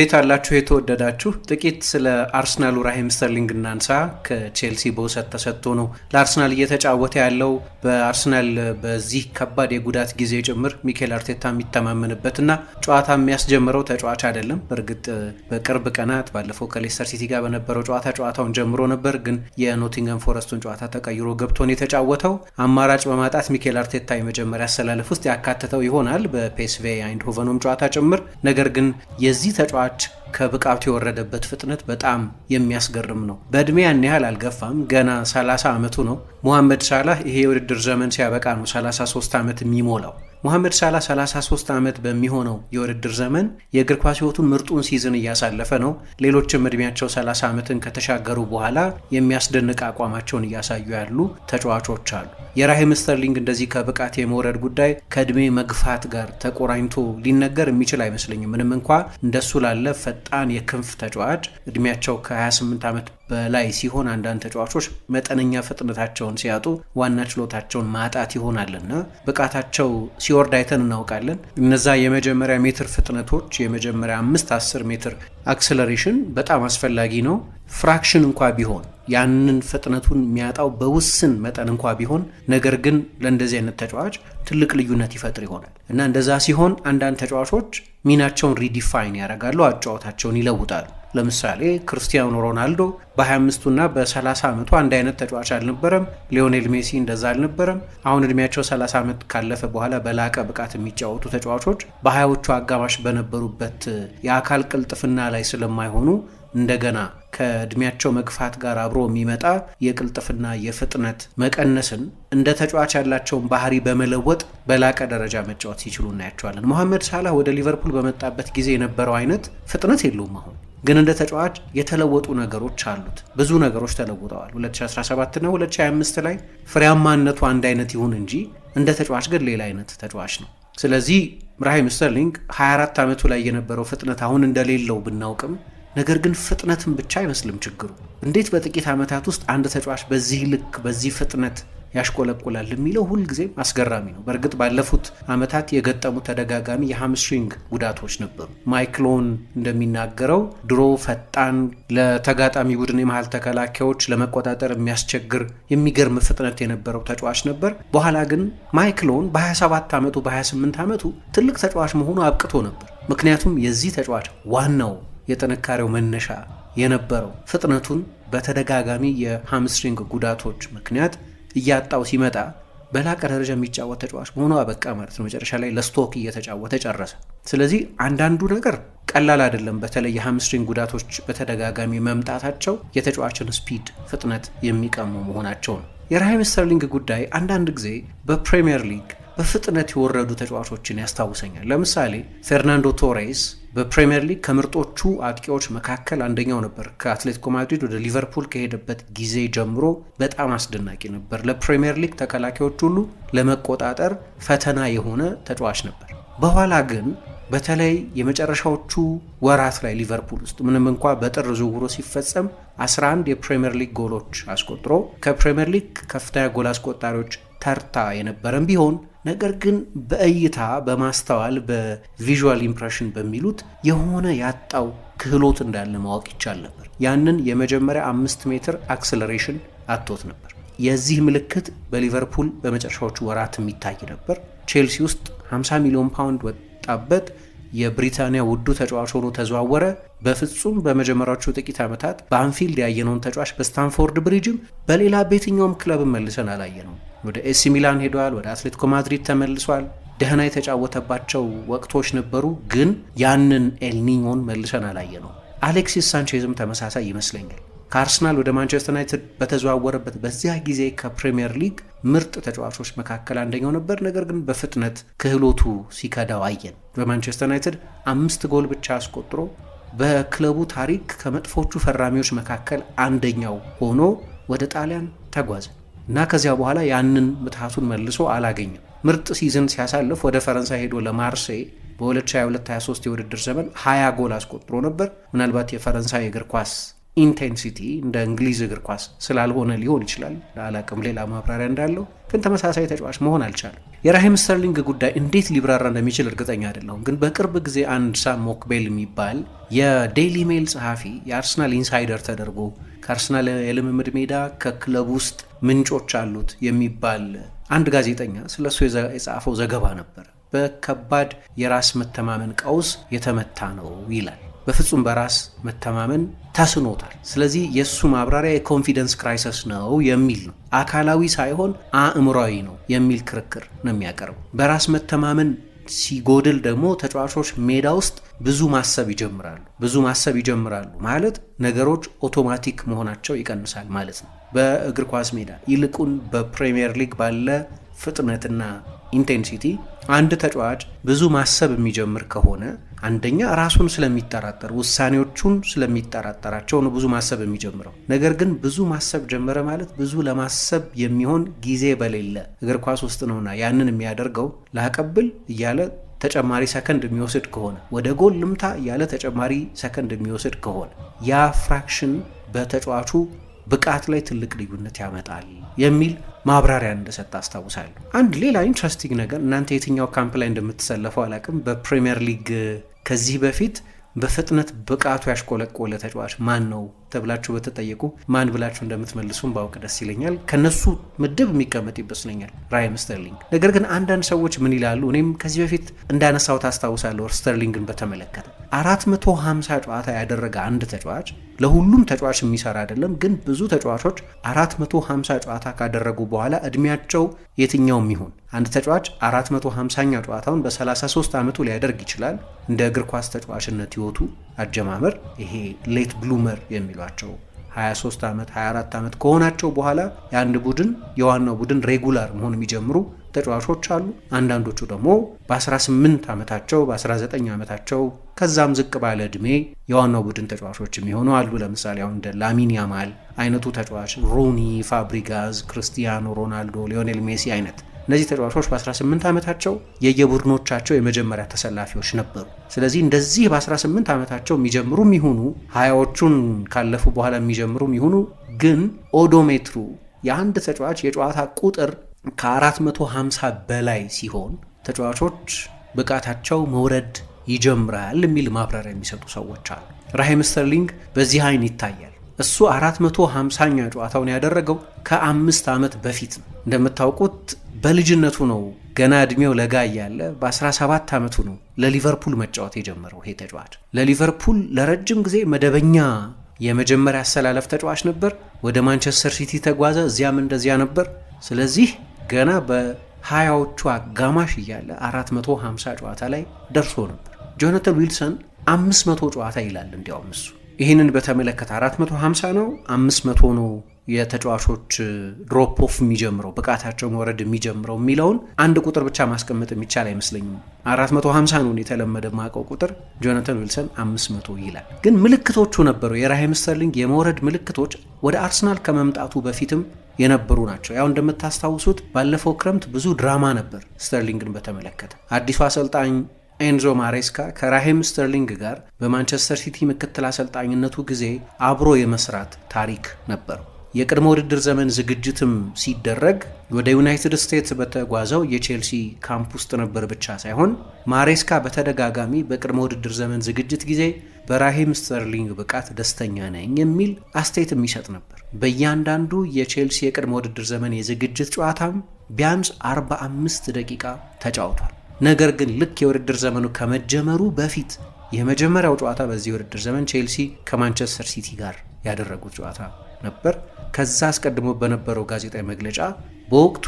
እንዴት አላችሁ የተወደዳችሁ? ጥቂት ስለ አርሰናሉ ራሂም ስተርሊንግ እናንሳ። ከቼልሲ በውሰት ተሰጥቶ ነው ለአርሰናል እየተጫወተ ያለው። በአርሰናል በዚህ ከባድ የጉዳት ጊዜ ጭምር ሚኬል አርቴታ የሚተማመንበት እና ጨዋታ የሚያስጀምረው ተጫዋች አይደለም። በእርግጥ በቅርብ ቀናት ባለፈው ከሌስተር ሲቲ ጋር በነበረው ጨዋታ ጨዋታውን ጀምሮ ነበር፣ ግን የኖቲንገም ፎረስቱን ጨዋታ ተቀይሮ ገብቶን የተጫወተው አማራጭ በማጣት ሚኬል አርቴታ የመጀመሪያ አሰላለፍ ውስጥ ያካተተው ይሆናል በፔስቬ አይንድሆቨኑም ጨዋታ ጭምር ነገር ግን የዚህ ተጫዋች ተጫዋች ከብቃቱ የወረደበት ፍጥነት በጣም የሚያስገርም ነው። በእድሜ ያን ያህል አልገፋም፣ ገና 30 ዓመቱ ነው። ሙሐመድ ሳላህ ይሄ የውድድር ዘመን ሲያበቃ ነው 33 ዓመት የሚሞላው። ሞሐመድ ሳላ 33 ዓመት በሚሆነው የውድድር ዘመን የእግር ኳስ ህይወቱን ምርጡን ሲዝን እያሳለፈ ነው። ሌሎችም እድሜያቸው 30 ዓመትን ከተሻገሩ በኋላ የሚያስደንቅ አቋማቸውን እያሳዩ ያሉ ተጫዋቾች አሉ። የራሂም ስተርሊንግ እንደዚህ ከብቃት የመውረድ ጉዳይ ከእድሜ መግፋት ጋር ተቆራኝቶ ሊነገር የሚችል አይመስለኝም። ምንም እንኳ እንደሱ ላለ ፈጣን የክንፍ ተጫዋች እድሜያቸው ከ28 ዓመት በላይ ሲሆን አንዳንድ ተጫዋቾች መጠነኛ ፍጥነታቸውን ሲያጡ ዋና ችሎታቸውን ማጣት ይሆናልና ብቃታቸው ሲወርድ አይተን እናውቃለን። እነዛ የመጀመሪያ ሜትር ፍጥነቶች የመጀመሪያ አምስት አስር ሜትር አክስለሬሽን በጣም አስፈላጊ ነው። ፍራክሽን እንኳ ቢሆን ያንን ፍጥነቱን የሚያጣው በውስን መጠን እንኳ ቢሆን ነገር ግን ለእንደዚህ አይነት ተጫዋች ትልቅ ልዩነት ይፈጥር ይሆናል እና እንደዛ ሲሆን አንዳንድ ተጫዋቾች ሚናቸውን ሪዲፋይን ያደርጋሉ፣ አጫዋታቸውን ይለውጣሉ። ለምሳሌ ክርስቲያኖ ሮናልዶ በ25ቱና በ30 ዓመቱ አንድ አይነት ተጫዋች አልነበረም። ሊዮኔል ሜሲ እንደዛ አልነበረም። አሁን እድሜያቸው 30 ዓመት ካለፈ በኋላ በላቀ ብቃት የሚጫወቱ ተጫዋቾች በሀያዎቹ አጋማሽ በነበሩበት የአካል ቅልጥፍና ላይ ስለማይሆኑ እንደገና ከእድሜያቸው መግፋት ጋር አብሮ የሚመጣ የቅልጥፍና የፍጥነት መቀነስን እንደ ተጫዋች ያላቸውን ባህሪ በመለወጥ በላቀ ደረጃ መጫወት ሲችሉ እናያቸዋለን። ሞሐመድ ሳላህ ወደ ሊቨርፑል በመጣበት ጊዜ የነበረው አይነት ፍጥነት የለውም አሁን ግን እንደ ተጫዋች የተለወጡ ነገሮች አሉት። ብዙ ነገሮች ተለውጠዋል። 2017 ነው 2025 ላይ ፍሬያማነቱ አንድ አይነት ይሁን እንጂ እንደ ተጫዋች ግን ሌላ አይነት ተጫዋች ነው። ስለዚህ ራሂም ስተርሊንግ 24 ዓመቱ ላይ የነበረው ፍጥነት አሁን እንደሌለው ብናውቅም ነገር ግን ፍጥነትን ብቻ አይመስልም ችግሩ። እንዴት በጥቂት ዓመታት ውስጥ አንድ ተጫዋች በዚህ ልክ በዚህ ፍጥነት ያሽቆለቁላል የሚለው ሁልጊዜም አስገራሚ ነው። በእርግጥ ባለፉት ዓመታት የገጠሙ ተደጋጋሚ የሃምስትሪንግ ጉዳቶች ነበሩ። ማይክሎን እንደሚናገረው ድሮ ፈጣን ለተጋጣሚ ቡድን የመሀል ተከላካዮች ለመቆጣጠር የሚያስቸግር የሚገርም ፍጥነት የነበረው ተጫዋች ነበር። በኋላ ግን ማይክሎን በ27 ዓመቱ በ28 ዓመቱ ትልቅ ተጫዋች መሆኑ አብቅቶ ነበር። ምክንያቱም የዚህ ተጫዋች ዋናው የጥንካሬው መነሻ የነበረው ፍጥነቱን በተደጋጋሚ የሃምስትሪንግ ጉዳቶች ምክንያት እያጣው ሲመጣ በላቀ ደረጃ የሚጫወት ተጫዋች መሆኑ አበቃ ማለት ነው። መጨረሻ ላይ ለስቶክ እየተጫወተ ጨረሰ። ስለዚህ አንዳንዱ ነገር ቀላል አይደለም። በተለይ የሃምስትሪንግ ጉዳቶች በተደጋጋሚ መምጣታቸው የተጫዋችን ስፒድ ፍጥነት የሚቀሙ መሆናቸው ነው። የራሂም ስተርሊንግ ጉዳይ አንዳንድ ጊዜ በፕሪምየር ሊግ በፍጥነት የወረዱ ተጫዋቾችን ያስታውሰኛል። ለምሳሌ ፌርናንዶ ቶሬስ በፕሪምየር ሊግ ከምርጦቹ አጥቂዎች መካከል አንደኛው ነበር። ከአትሌቲኮ ማድሪድ ወደ ሊቨርፑል ከሄደበት ጊዜ ጀምሮ በጣም አስደናቂ ነበር። ለፕሪምየር ሊግ ተከላካዮች ሁሉ ለመቆጣጠር ፈተና የሆነ ተጫዋች ነበር። በኋላ ግን በተለይ የመጨረሻዎቹ ወራት ላይ ሊቨርፑል ውስጥ ምንም እንኳ በጥር ዝውውሩ ሲፈጸም 11 የፕሪምየር ሊግ ጎሎች አስቆጥሮ ከፕሪምየር ሊግ ከፍተኛ ጎል አስቆጣሪዎች ተርታ የነበረም ቢሆን ነገር ግን በእይታ በማስተዋል በቪዥዋል ኢምፕሬሽን በሚሉት የሆነ ያጣው ክህሎት እንዳለ ማወቅ ይቻል ነበር። ያንን የመጀመሪያ አምስት ሜትር አክስለሬሽን አጥቶት ነበር። የዚህ ምልክት በሊቨርፑል በመጨረሻዎቹ ወራት የሚታይ ነበር። ቼልሲ ውስጥ 50 ሚሊዮን ፓውንድ ወጣበት። የብሪታንያ ውዱ ተጫዋች ሆኖ ተዘዋወረ። በፍጹም በመጀመሪያዎቹ ጥቂት ዓመታት በአንፊልድ ያየነውን ተጫዋች በስታንፎርድ ብሪጅም በሌላ በየትኛውም ክለብ መልሰን አላየነውም። ወደ ኤሲ ሚላን ሄደዋል። ወደ አትሌቲኮ ማድሪድ ተመልሷል። ደህና የተጫወተባቸው ወቅቶች ነበሩ፣ ግን ያንን ኤልኒኞን መልሰን አላየ ነው። አሌክሲስ ሳንቼዝም ተመሳሳይ ይመስለኛል። ከአርሰናል ወደ ማንቸስተር ዩናይትድ በተዘዋወረበት በዚያ ጊዜ ከፕሪምየር ሊግ ምርጥ ተጫዋቾች መካከል አንደኛው ነበር። ነገር ግን በፍጥነት ክህሎቱ ሲከዳው አየን። በማንቸስተር ዩናይትድ አምስት ጎል ብቻ አስቆጥሮ በክለቡ ታሪክ ከመጥፎቹ ፈራሚዎች መካከል አንደኛው ሆኖ ወደ ጣሊያን ተጓዘ። እና ከዚያ በኋላ ያንን ምትሃቱን መልሶ አላገኘም። ምርጥ ሲዝን ሲያሳልፍ ወደ ፈረንሳይ ሄዶ ለማርሴይ በ2022/23 የውድድር ዘመን 20 ጎል አስቆጥሮ ነበር። ምናልባት የፈረንሳይ እግር ኳስ ኢንቴንሲቲ እንደ እንግሊዝ እግር ኳስ ስላልሆነ ሊሆን ይችላል። ለአላቅም ሌላ ማብራሪያ እንዳለው ግን ተመሳሳይ ተጫዋች መሆን አልቻለም። የራሂም ስተርሊንግ ጉዳይ እንዴት ሊብራራ እንደሚችል እርግጠኛ አይደለሁም። ግን በቅርብ ጊዜ አንድ ሳም ሞክቤል የሚባል የዴይሊ ሜል ጸሐፊ የአርሰናል ኢንሳይደር ተደርጎ ከአርሰናል የልምምድ ሜዳ ከክለብ ውስጥ ምንጮች አሉት የሚባል አንድ ጋዜጠኛ ስለ እሱ የጻፈው ዘገባ ነበር። በከባድ የራስ መተማመን ቀውስ የተመታ ነው ይላል። በፍጹም በራስ መተማመን ተስኖታል። ስለዚህ የእሱ ማብራሪያ የኮንፊደንስ ክራይሰስ ነው የሚል ነው። አካላዊ ሳይሆን አእምሯዊ ነው የሚል ክርክር ነው የሚያቀርበው። በራስ መተማመን ሲጎድል ደግሞ ተጫዋቾች ሜዳ ውስጥ ብዙ ማሰብ ይጀምራሉ። ብዙ ማሰብ ይጀምራሉ ማለት ነገሮች ኦቶማቲክ መሆናቸው ይቀንሳል ማለት ነው በእግር ኳስ ሜዳ ይልቁን በፕሪሚየር ሊግ ባለ ፍጥነትና ኢንቴንሲቲ አንድ ተጫዋች ብዙ ማሰብ የሚጀምር ከሆነ አንደኛ ራሱን ስለሚጠራጠር ውሳኔዎቹን ስለሚጠራጠራቸው ነው ብዙ ማሰብ የሚጀምረው። ነገር ግን ብዙ ማሰብ ጀመረ ማለት ብዙ ለማሰብ የሚሆን ጊዜ በሌለ እግር ኳስ ውስጥ ነውና ያንን የሚያደርገው ላቀብል እያለ ተጨማሪ ሰከንድ የሚወስድ ከሆነ ወደ ጎል ልምታ እያለ ተጨማሪ ሰከንድ የሚወስድ ከሆነ ያ ፍራክሽን በተጫዋቹ ብቃት ላይ ትልቅ ልዩነት ያመጣል የሚል ማብራሪያ እንደሰጠ አስታውሳለሁ። አንድ ሌላ ኢንትረስቲንግ ነገር እናንተ የትኛው ካምፕ ላይ እንደምትሰለፈው አላቅም በፕሪሚየር ሊግ ከዚህ በፊት በፍጥነት ብቃቱ ያሽቆለቆለ ተጫዋች ማን ነው ተብላችሁ በተጠየቁ ማን ብላችሁ እንደምትመልሱም ባውቅ ደስ ይለኛል። ከነሱ ምድብ የሚቀመጥ ይመስለኛል ራይም ስተርሊንግ። ነገር ግን አንዳንድ ሰዎች ምን ይላሉ? እኔም ከዚህ በፊት እንዳነሳው ታስታውሳለሁ፣ ስተርሊንግን በተመለከተ 450 ጨዋታ ያደረገ አንድ ተጫዋች ለሁሉም ተጫዋች የሚሰራ አይደለም፣ ግን ብዙ ተጫዋቾች 450 ጨዋታ ካደረጉ በኋላ እድሜያቸው የትኛውም ይሁን አንድ ተጫዋች 450ኛ ጨዋታውን በ33 ዓመቱ ሊያደርግ ይችላል እንደ እግር ኳስ ተጫዋችነት ህይወቱ አጀማመር ይሄ ሌት ብሉመር የሚሏቸው 23 ዓመት 24 ዓመት ከሆናቸው በኋላ የአንድ ቡድን የዋናው ቡድን ሬጉላር መሆን የሚጀምሩ ተጫዋቾች አሉ። አንዳንዶቹ ደግሞ በ18 ዓመታቸው በ19 ዓመታቸው ከዛም ዝቅ ባለ ዕድሜ የዋናው ቡድን ተጫዋቾች የሚሆኑ አሉ። ለምሳሌ አሁን እንደ ላሚን ያማል አይነቱ ተጫዋች፣ ሩኒ፣ ፋብሪጋዝ፣ ክርስቲያኖ ሮናልዶ፣ ሊዮኔል ሜሲ አይነት እነዚህ ተጫዋቾች በ18 ዓመታቸው የየቡድኖቻቸው የመጀመሪያ ተሰላፊዎች ነበሩ። ስለዚህ እንደዚህ በ18 ዓመታቸው የሚጀምሩ የሚሆኑ ሀያዎቹን ካለፉ በኋላ የሚጀምሩ የሚሆኑ ግን ኦዶሜትሩ የአንድ ተጫዋች የጨዋታ ቁጥር ከ450 በላይ ሲሆን ተጫዋቾች ብቃታቸው መውረድ ይጀምራል የሚል ማብራሪያ የሚሰጡ ሰዎች አሉ። ራሂም ስተርሊንግ በዚህ አይን ይታያል። እሱ 450ኛ ጨዋታውን ያደረገው ከአምስት ዓመት በፊት ነው። እንደምታውቁት በልጅነቱ ነው ገና እድሜው ለጋ እያለ በ17 ዓመቱ ነው ለሊቨርፑል መጫወት የጀመረው። ይሄ ተጫዋች ለሊቨርፑል ለረጅም ጊዜ መደበኛ የመጀመሪያ አሰላለፍ ተጫዋች ነበር። ወደ ማንቸስተር ሲቲ ተጓዘ፣ እዚያም እንደዚያ ነበር። ስለዚህ ገና በሀያዎቹ አጋማሽ እያለ 450 ጨዋታ ላይ ደርሶ ነበር። ጆናተን ዊልሰን 500 ጨዋታ ይላል። እንዲያውም እሱ ይህንን በተመለከተ 450 ነው 500 ነው የተጫዋቾች ድሮፕ ኦፍ የሚጀምረው ብቃታቸው መውረድ የሚጀምረው የሚለውን አንድ ቁጥር ብቻ ማስቀመጥ የሚቻል አይመስለኝም። 450 ነው የተለመደ ማቀው ቁጥር ጆናተን ዊልሰን 500 ይላል። ግን ምልክቶቹ ነበሩ። የራሂም ስተርሊንግ የመውረድ ምልክቶች ወደ አርሰናል ከመምጣቱ በፊትም የነበሩ ናቸው። ያው እንደምታስታውሱት ባለፈው ክረምት ብዙ ድራማ ነበር ስተርሊንግን በተመለከተ አዲሱ አሰልጣኝ ኤንዞ ማሬስካ ከራሂም ስተርሊንግ ጋር በማንቸስተር ሲቲ ምክትል አሰልጣኝነቱ ጊዜ አብሮ የመስራት ታሪክ ነበረው። የቅድመ ውድድር ዘመን ዝግጅትም ሲደረግ ወደ ዩናይትድ ስቴትስ በተጓዘው የቼልሲ ካምፕ ውስጥ ነበር ብቻ ሳይሆን ማሬስካ በተደጋጋሚ በቅድመ ውድድር ዘመን ዝግጅት ጊዜ በራሂም ስተርሊንግ ብቃት ደስተኛ ነኝ የሚል አስተያየት የሚሰጥ ነበር። በእያንዳንዱ የቼልሲ የቅድመ ውድድር ዘመን የዝግጅት ጨዋታም ቢያንስ 45 ደቂቃ ተጫውቷል። ነገር ግን ልክ የውድድር ዘመኑ ከመጀመሩ በፊት የመጀመሪያው ጨዋታ በዚህ የውድድር ዘመን ቼልሲ ከማንቸስተር ሲቲ ጋር ያደረጉት ጨዋታ ነበር። ከዛ አስቀድሞ በነበረው ጋዜጣዊ መግለጫ በወቅቱ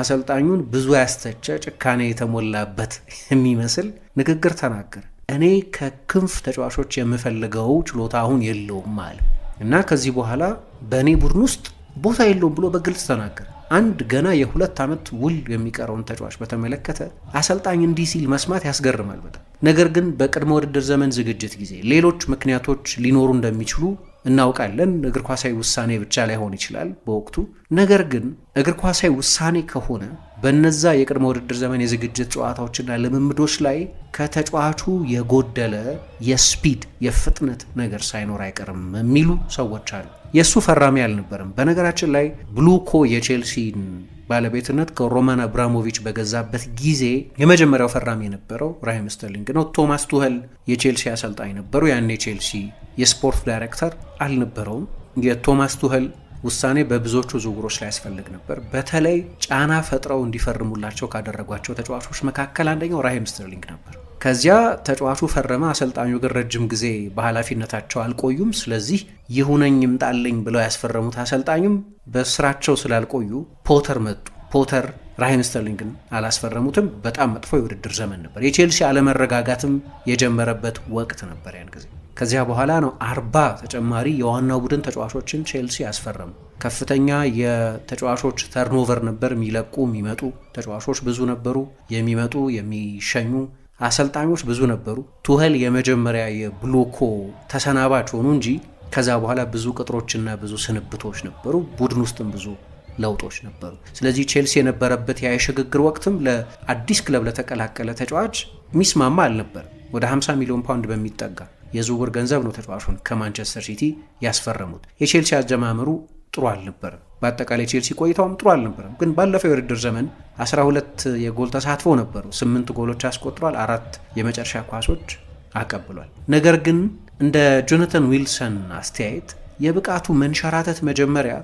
አሰልጣኙን ብዙ ያስተቸ ጭካኔ የተሞላበት የሚመስል ንግግር ተናገረ። እኔ ከክንፍ ተጫዋቾች የምፈልገው ችሎታ አሁን የለውም አለ እና ከዚህ በኋላ በእኔ ቡድን ውስጥ ቦታ የለውም ብሎ በግልጽ ተናገረ። አንድ ገና የሁለት ዓመት ውል የሚቀረውን ተጫዋች በተመለከተ አሰልጣኝ እንዲህ ሲል መስማት ያስገርማል በጣም ነገር ግን በቅድመ ውድድር ዘመን ዝግጅት ጊዜ ሌሎች ምክንያቶች ሊኖሩ እንደሚችሉ እናውቃለን እግር ኳሳዊ ውሳኔ ብቻ ላይሆን ይችላል በወቅቱ። ነገር ግን እግር ኳሳዊ ውሳኔ ከሆነ በነዛ የቅድመ ውድድር ዘመን የዝግጅት ጨዋታዎችና ልምምዶች ላይ ከተጫዋቹ የጎደለ የስፒድ የፍጥነት ነገር ሳይኖር አይቀርም የሚሉ ሰዎች አሉ። የእሱ ፈራሚ አልነበርም። በነገራችን ላይ ብሉኮ የቼልሲን ባለቤትነት ከሮማን አብራሞቪች በገዛበት ጊዜ የመጀመሪያው ፈራሚ የነበረው ራሂም ስተርሊንግ ነው። ቶማስ ቱኸል የቼልሲ አሰልጣኝ ነበሩ። ያኔ ቼልሲ የስፖርት ዳይሬክተር አልነበረውም። የቶማስ ቱኸል ውሳኔ በብዙዎቹ ዝውውሮች ላይ ያስፈልግ ነበር። በተለይ ጫና ፈጥረው እንዲፈርሙላቸው ካደረጓቸው ተጫዋቾች መካከል አንደኛው ራሂም ስተርሊንግ ነበር። ከዚያ ተጫዋቹ ፈረመ። አሰልጣኙ ግን ረጅም ጊዜ በኃላፊነታቸው አልቆዩም። ስለዚህ ይሁነኝ ይምጣልኝ ብለው ያስፈረሙት አሰልጣኙም በስራቸው ስላልቆዩ ፖተር መጡ። ፖተር ራሂም ስተርሊንግን አላስፈረሙትም። በጣም መጥፎ የውድድር ዘመን ነበር። የቼልሲ አለመረጋጋትም የጀመረበት ወቅት ነበር ያን ጊዜ። ከዚያ በኋላ ነው አርባ ተጨማሪ የዋናው ቡድን ተጫዋቾችን ቼልሲ ያስፈረሙ። ከፍተኛ የተጫዋቾች ተርኖቨር ነበር። የሚለቁ የሚመጡ ተጫዋቾች ብዙ ነበሩ። የሚመጡ የሚሸኙ አሰልጣኞች ብዙ ነበሩ። ቱሄል የመጀመሪያ የብሎኮ ተሰናባች ሆኑ እንጂ ከዛ በኋላ ብዙ ቅጥሮችና ብዙ ስንብቶች ነበሩ። ቡድን ውስጥም ብዙ ለውጦች ነበሩ። ስለዚህ ቼልሲ የነበረበት ያ የሽግግር ወቅትም ለአዲስ ክለብ ለተቀላቀለ ተጫዋች ሚስማማ አልነበር። ወደ 50 ሚሊዮን ፓውንድ በሚጠጋ የዝውውር ገንዘብ ነው ተጫዋቹን ከማንቸስተር ሲቲ ያስፈረሙት። የቼልሲ አጀማመሩ ጥሩ አልነበረም። በአጠቃላይ ቼልሲ ቆይታውም ጥሩ አልነበረም። ግን ባለፈው የውድድር ዘመን 12 የጎል ተሳትፎ ነበሩ። 8 ጎሎች አስቆጥሯል። አራት የመጨረሻ ኳሶች አቀብሏል። ነገር ግን እንደ ጆናተን ዊልሰን አስተያየት የብቃቱ መንሸራተት መጀመሪያ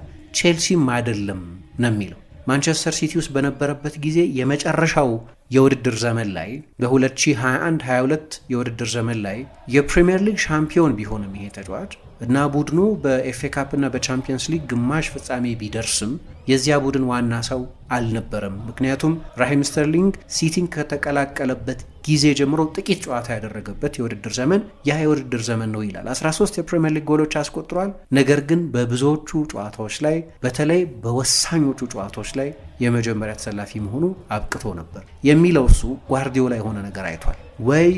ቼልሲም አይደለም ነው የሚለው ማንቸስተር ሲቲ ውስጥ በነበረበት ጊዜ የመጨረሻው የውድድር ዘመን ላይ በ2021-22 የውድድር ዘመን ላይ የፕሪምየር ሊግ ሻምፒዮን ቢሆንም ይሄ ተጫዋች እና ቡድኑ በኤፍኤ ካፕ እና በቻምፒየንስ ሊግ ግማሽ ፍጻሜ ቢደርስም የዚያ ቡድን ዋና ሰው አልነበረም። ምክንያቱም ራሂም ስተርሊንግ ሲቲን ከተቀላቀለበት ጊዜ ጀምሮ ጥቂት ጨዋታ ያደረገበት የውድድር ዘመን ያ የውድድር ዘመን ነው ይላል። 13 የፕሪምየር ሊግ ጎሎች አስቆጥሯል። ነገር ግን በብዙዎቹ ጨዋታዎች ላይ በተለይ በወሳኞቹ ጨዋታዎች ላይ የመጀመሪያ ተሰላፊ መሆኑ አብቅቶ ነበር የሚለው እሱ ጓርዲዮላ የሆነ ነገር አይቷል ወይ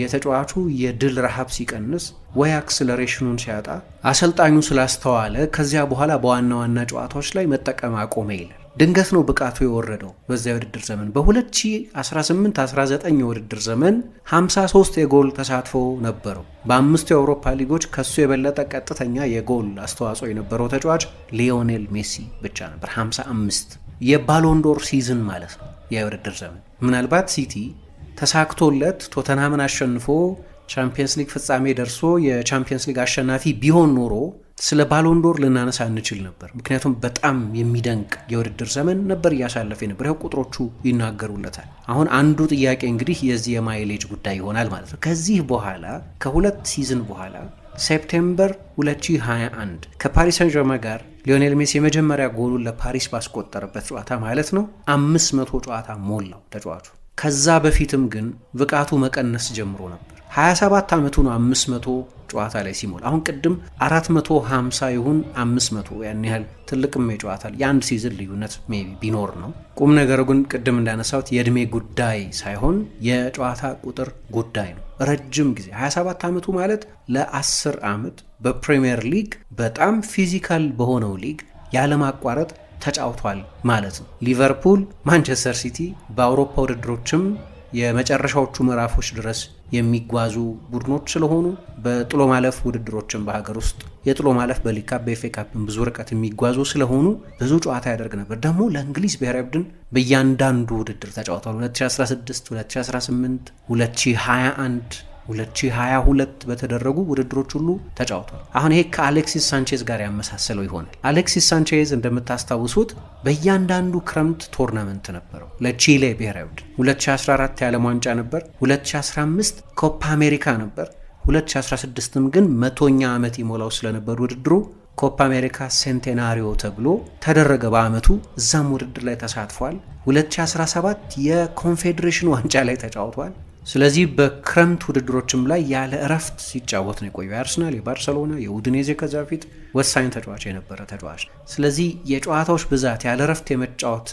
የተጫዋቹ የድል ረሃብ ሲቀንስ ወይ አክስለሬሽኑን ሲያጣ አሰልጣኙ ስላስተዋለ ከዚያ በኋላ በዋና ዋና ጨዋታዎች ላይ መጠቀም አቆመ ይላል። ድንገት ነው ብቃቱ የወረደው። በዚያ የውድድር ዘመን በ2018-19 የውድድር ዘመን 53 የጎል ተሳትፎ ነበረው። በአምስቱ የአውሮፓ ሊጎች ከሱ የበለጠ ቀጥተኛ የጎል አስተዋጽኦ የነበረው ተጫዋች ሊዮኔል ሜሲ ብቻ ነበር፣ 55 የባሎንዶር ሲዝን ማለት ነው። የውድድር ዘመን ምናልባት ሲቲ ተሳክቶለት ቶተንሃምን አሸንፎ ቻምፒየንስ ሊግ ፍጻሜ ደርሶ የቻምፒየንስ ሊግ አሸናፊ ቢሆን ኖሮ ስለ ባሎንዶር ልናነሳ እንችል ነበር። ምክንያቱም በጣም የሚደንቅ የውድድር ዘመን ነበር እያሳለፈ ነበር። ያው ቁጥሮቹ ይናገሩለታል። አሁን አንዱ ጥያቄ እንግዲህ የዚህ የማይሌጅ ጉዳይ ይሆናል ማለት ነው። ከዚህ በኋላ ከሁለት ሲዝን በኋላ ሴፕቴምበር 2021 ከፓሪስ ሰን ጋር ሊዮኔል ሜሲ የመጀመሪያ ጎሉን ለፓሪስ ባስቆጠረበት ጨዋታ ማለት ነው 500 ጨዋታ ሞላው ተጫዋቹ ከዛ በፊትም ግን ብቃቱ መቀነስ ጀምሮ ነበር። 27 ዓመቱ ነው 500 ጨዋታ ላይ ሲሞል። አሁን ቅድም 450 ይሁን 500 ያን ያህል ትልቅም የጨዋታ የአንድ ሲዝን ልዩነት ቢኖር ነው። ቁም ነገሩ ግን ቅድም እንዳነሳሁት የእድሜ ጉዳይ ሳይሆን የጨዋታ ቁጥር ጉዳይ ነው። ረጅም ጊዜ 27 ዓመቱ ማለት ለ10 ዓመት በፕሪሚየር ሊግ በጣም ፊዚካል በሆነው ሊግ ያለማቋረጥ ተጫውቷል ማለት ነው። ሊቨርፑል፣ ማንቸስተር ሲቲ በአውሮፓ ውድድሮችም የመጨረሻዎቹ ምዕራፎች ድረስ የሚጓዙ ቡድኖች ስለሆኑ በጥሎ ማለፍ ውድድሮችን በሀገር ውስጥ የጥሎ ማለፍ በሊግ በኤፌ ካፕን ብዙ ርቀት የሚጓዙ ስለሆኑ ብዙ ጨዋታ ያደርግ ነበር። ደግሞ ለእንግሊዝ ብሔራዊ ቡድን በእያንዳንዱ ውድድር ተጫውቷል 2016፣ 2018፣ 2021 2022 በተደረጉ ውድድሮች ሁሉ ተጫውቷል። አሁን ይሄ ከአሌክሲስ ሳንቼዝ ጋር ያመሳሰለው ይሆናል። አሌክሲስ ሳንቼዝ እንደምታስታውሱት በእያንዳንዱ ክረምት ቶርናመንት ነበረው ለቺሌ ብሔራዊ ቡድን 2014 የዓለም ዋንጫ ነበር፣ 2015 ኮፓ አሜሪካ ነበር። 2016ም ግን መቶኛ ዓመት ይሞላው ስለነበር ውድድሩ ኮፓ አሜሪካ ሴንቴናሪዮ ተብሎ ተደረገ በአመቱ እዛም ውድድር ላይ ተሳትፏል። 2017 የኮንፌዴሬሽን ዋንጫ ላይ ተጫውቷል። ስለዚህ በክረምት ውድድሮችም ላይ ያለ እረፍት ሲጫወት ነው የቆየው። የአርሰናል፣ የባርሰሎና፣ የኡድኔዜ ከዛ በፊት ወሳኝ ተጫዋች የነበረ ተጫዋች። ስለዚህ የጨዋታዎች ብዛት፣ ያለ እረፍት የመጫወት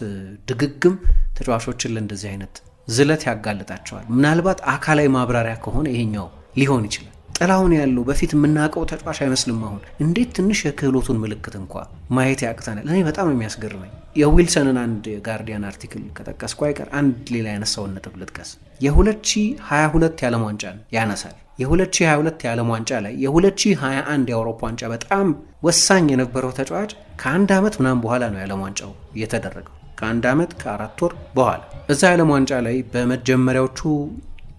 ድግግም ተጫዋቾችን ለእንደዚህ አይነት ዝለት ያጋልጣቸዋል። ምናልባት አካላዊ ማብራሪያ ከሆነ ይሄኛው ሊሆን ይችላል። ጥላውን ያለው በፊት የምናውቀው ተጫዋች አይመስልም። አሁን እንዴት ትንሽ የክህሎቱን ምልክት እንኳ ማየት ያቅተናል። እኔ በጣም የሚያስገርመኝ የዊልሰንን አንድ ጋርዲያን አርቲክል ከጠቀስኩ አይቀር አንድ ሌላ ያነሳውን ነጥብ ልጥቀስ። የ2022 የዓለም ዋንጫን ያነሳል። የ2022 የዓለም ዋንጫ ላይ የ2021 የአውሮፓ ዋንጫ በጣም ወሳኝ የነበረው ተጫዋች ከአንድ ዓመት ምናምን በኋላ ነው የዓለም ዋንጫው የተደረገው ከአንድ ዓመት ከአራት ወር በኋላ እዛ የዓለም ዋንጫ ላይ በመጀመሪያዎቹ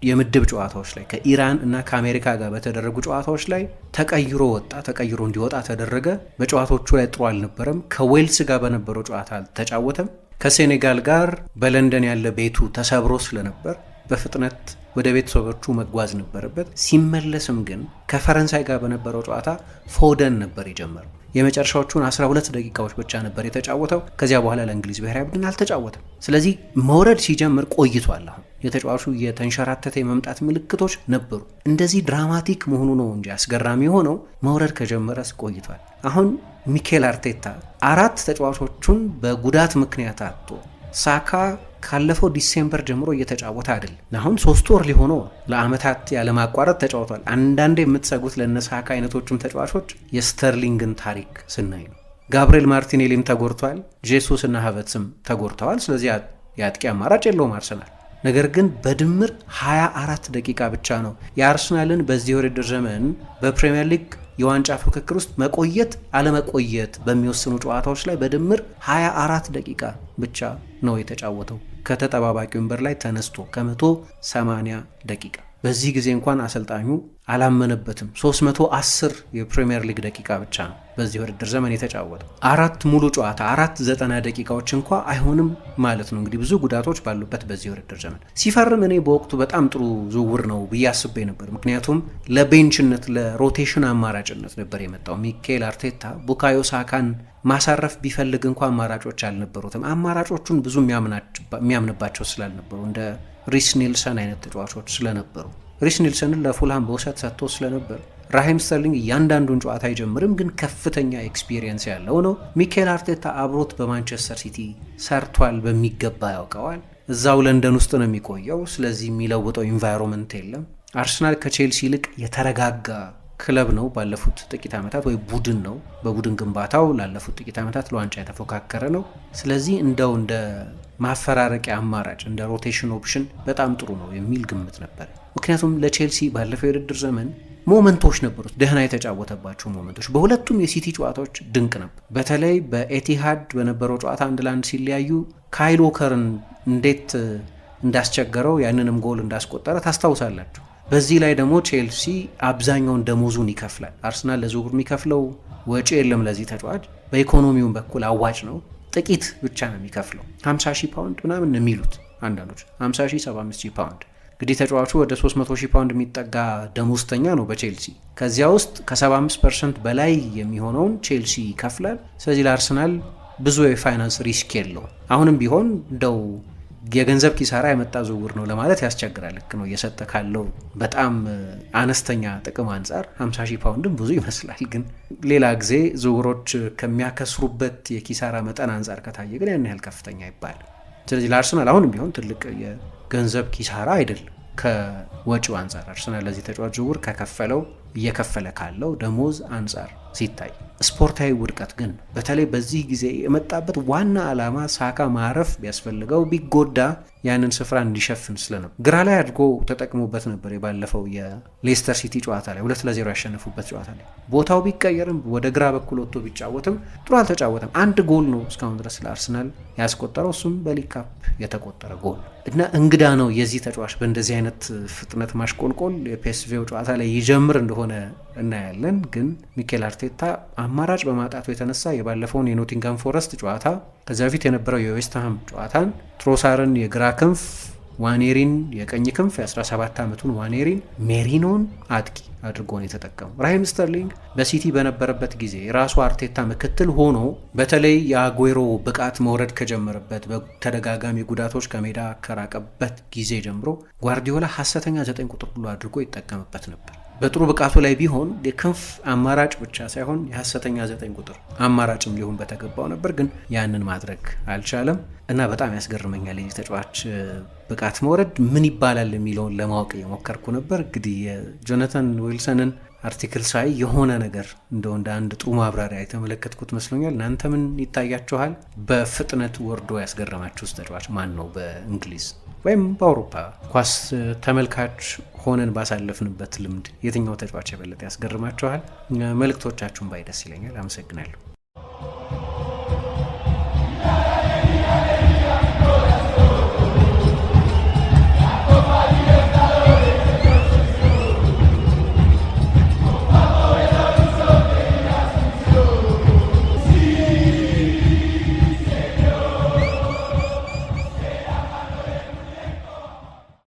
የምድብ ጨዋታዎች ላይ ከኢራን እና ከአሜሪካ ጋር በተደረጉ ጨዋታዎች ላይ ተቀይሮ ወጣ። ተቀይሮ እንዲወጣ ተደረገ። በጨዋታዎቹ ላይ ጥሩ አልነበረም። ከዌልስ ጋር በነበረው ጨዋታ አልተጫወተም። ከሴኔጋል ጋር በለንደን ያለ ቤቱ ተሰብሮ ስለነበር በፍጥነት ወደ ቤተሰቦቹ መጓዝ ነበረበት። ሲመለስም ግን ከፈረንሳይ ጋር በነበረው ጨዋታ ፎደን ነበር የጀመረው። የመጨረሻዎቹን 12 ደቂቃዎች ብቻ ነበር የተጫወተው። ከዚያ በኋላ ለእንግሊዝ ብሔራዊ ቡድን አልተጫወተም። ስለዚህ መውረድ ሲጀምር ቆይቷል። አሁን የተጫዋቹ የተንሸራተተ የመምጣት ምልክቶች ነበሩ። እንደዚህ ድራማቲክ መሆኑ ነው እንጂ አስገራሚ የሆነው መውረድ ከጀመረስ ቆይቷል። አሁን ሚኬል አርቴታ አራት ተጫዋቾቹን በጉዳት ምክንያት አጥቶ ሳካ ካለፈው ዲሴምበር ጀምሮ እየተጫወተ አይደል። አሁን ሶስት ወር ሊሆኖ ለአመታት ያለማቋረጥ ተጫውቷል። አንዳንድ የምትሰጉት ለነሳካ አይነቶችም ተጫዋቾች የስተርሊንግን ታሪክ ስናይ ነው። ጋብርኤል ማርቲኔሊም ተጎድቷል፣ ጄሱስ እና ሀበትስም ተጎድተዋል። ስለዚህ የአጥቂ አማራጭ የለውም አርሰናል። ነገር ግን በድምር 24 ደቂቃ ብቻ ነው የአርሰናልን በዚህ ውድድር ዘመን በፕሪምየር ሊግ የዋንጫ ፍክክር ውስጥ መቆየት አለመቆየት በሚወስኑ ጨዋታዎች ላይ በድምር 24 ደቂቃ ብቻ ነው የተጫወተው ከተጠባባቂ ወንበር ላይ ተነስቶ ከመቶ 180 ደቂቃ። በዚህ ጊዜ እንኳን አሰልጣኙ አላመነበትም። 310 የፕሪምየር ሊግ ደቂቃ ብቻ ነው በዚህ ውድድር ዘመን የተጫወተው። አራት ሙሉ ጨዋታ አራት ዘጠና ደቂቃዎች እንኳ አይሆንም ማለት ነው። እንግዲህ ብዙ ጉዳቶች ባሉበት በዚህ ውድድር ዘመን ሲፈርም እኔ በወቅቱ በጣም ጥሩ ዝውውር ነው ብዬ አስቤ ነበር። ምክንያቱም ለቤንችነት ለሮቴሽን አማራጭነት ነበር የመጣው። ሚኬል አርቴታ ቡካዮ ሳካን ማሳረፍ ቢፈልግ እንኳ አማራጮች አልነበሩትም። አማራጮቹን ብዙ የሚያምንባቸው ስላልነበሩ እንደ ሪስ ኔልሰን አይነት ተጫዋቾች ስለነበሩ ሪስ ኒልሰንን ለፉልሃም በውሰት ሰጥቶ ስለነበር ራሂም ስተርሊንግ እያንዳንዱን ጨዋታ አይጀምርም፣ ግን ከፍተኛ ኤክስፒሪየንስ ያለው ነው። ሚካኤል አርቴታ አብሮት በማንቸስተር ሲቲ ሰርቷል፣ በሚገባ ያውቀዋል። እዛው ለንደን ውስጥ ነው የሚቆየው። ስለዚህ የሚለውጠው ኢንቫይሮንመንት የለም። አርሰናል ከቼልሲ ይልቅ የተረጋጋ ክለብ ነው ባለፉት ጥቂት ዓመታት ወይ ቡድን ነው። በቡድን ግንባታው ላለፉት ጥቂት ዓመታት ለዋንጫ የተፎካከረ ነው። ስለዚህ እንደው እንደ ማፈራረቂያ አማራጭ እንደ ሮቴሽን ኦፕሽን በጣም ጥሩ ነው የሚል ግምት ነበር። ምክንያቱም ለቼልሲ ባለፈው የውድድር ዘመን ሞመንቶች ነበሩት፣ ደህና የተጫወተባቸው ሞመንቶች። በሁለቱም የሲቲ ጨዋታዎች ድንቅ ነበር። በተለይ በኤቲሃድ በነበረው ጨዋታ አንድ ለአንድ ሲለያዩ ካይል ወከርን እንዴት እንዳስቸገረው ያንንም ጎል እንዳስቆጠረ ታስታውሳላችሁ። በዚህ ላይ ደግሞ ቼልሲ አብዛኛውን ደሞዙን ይከፍላል። አርሰናል ለዝውውር የሚከፍለው ወጪ የለም ለዚህ ተጫዋች። በኢኮኖሚውም በኩል አዋጭ ነው፣ ጥቂት ብቻ ነው የሚከፍለው 50 ሺህ ፓውንድ ምናምን የሚሉት አንዳንዶች 50 ሺህ 75 ሺህ ፓውንድ እንግዲህ ተጫዋቹ ወደ 300 ሺህ ፓውንድ የሚጠጋ ደሞዝተኛ ነው በቼልሲ። ከዚያ ውስጥ ከ75 ፐርሰንት በላይ የሚሆነውን ቼልሲ ይከፍላል። ስለዚህ ለአርሰናል ብዙ የፋይናንስ ሪስክ የለውም። አሁንም ቢሆን እንደው የገንዘብ ኪሳራ የመጣ ዝውውር ነው ለማለት ያስቸግራል። ልክ ነው፣ እየሰጠ ካለው በጣም አነስተኛ ጥቅም አንጻር 50 ሺህ ፓውንድም ብዙ ይመስላል። ግን ሌላ ጊዜ ዝውውሮች ከሚያከስሩበት የኪሳራ መጠን አንጻር ከታየ ግን ያን ያህል ከፍተኛ ይባል። ስለዚህ ለአርሰናል አሁንም ቢሆን ትልቅ ገንዘብ ኪሳራ አይደለም። ከወጪው አንጻር አርሰናል ለዚህ ተጫዋች ዝውውር ከከፈለው እየከፈለ ካለው ደሞዝ አንጻር ሲታይ ስፖርታዊ ውድቀት ግን በተለይ በዚህ ጊዜ የመጣበት ዋና ዓላማ ሳካ ማረፍ ቢያስፈልገው ቢጎዳ ያንን ስፍራ እንዲሸፍን ስለነው ግራ ላይ አድጎ ተጠቅሞበት ነበር። የባለፈው የሌስተር ሲቲ ጨዋታ ላይ ሁለት ለዜሮ ያሸነፉበት ጨዋታ ላይ ቦታው ቢቀየርም ወደ ግራ በኩል ወጥቶ ቢጫወትም ጥሩ አልተጫወተም። አንድ ጎል ነው እስካሁን ድረስ ለአርሰናል ያስቆጠረው፣ እሱም በሊግ ካፕ የተቆጠረ ጎል እና እንግዳ ነው የዚህ ተጫዋች በእንደዚህ አይነት ፍጥነት ማሽቆልቆል የፒኤስቪው ጨዋታ ላይ ይጀምር እንደሆነ እናያለን። ግን ሚኬል አርቴታ አማራጭ በማጣቱ የተነሳ የባለፈውን የኖቲንጋም ፎረስት ጨዋታ፣ ከዚ በፊት የነበረው የዌስትሃም ጨዋታን፣ ትሮሳርን የግራ ክንፍ ዋኔሪን የቀኝ ክንፍ የ17 ዓመቱን ዋኔሪን ሜሪኖን አጥቂ አድርጎ ነው የተጠቀሙ። ራሂም ስተርሊንግ በሲቲ በነበረበት ጊዜ የራሱ አርቴታ ምክትል ሆኖ በተለይ የአጉዌሮ ብቃት መውረድ ከጀመረበት በተደጋጋሚ ጉዳቶች ከሜዳ ከራቀበት ጊዜ ጀምሮ ጓርዲዮላ ሀሰተኛ ዘጠኝ ቁጥር ብሎ አድርጎ ይጠቀምበት ነበር። በጥሩ ብቃቱ ላይ ቢሆን የክንፍ አማራጭ ብቻ ሳይሆን የሀሰተኛ ዘጠኝ ቁጥር አማራጭም ሊሆን በተገባው ነበር፣ ግን ያንን ማድረግ አልቻለም እና በጣም ያስገርመኛል የዚህ ተጫዋች ብቃት መውረድ ምን ይባላል የሚለውን ለማወቅ እየሞከርኩ ነበር። እንግዲህ የጆነታን ዊልሰንን አርቲክል ሳይ የሆነ ነገር እንደ እንደ አንድ ጥሩ ማብራሪያ የተመለከትኩት መስሎኛል። እናንተ ምን ይታያችኋል? በፍጥነት ወርዶ ያስገረማችሁ ተጫዋች ማን ነው? በእንግሊዝ ወይም በአውሮፓ ኳስ ተመልካች ሆነን ባሳለፍንበት ልምድ የትኛው ተጫዋች የበለጠ ያስገርማችኋል? መልእክቶቻችሁን ባይደስ ይለኛል። አመሰግናለሁ።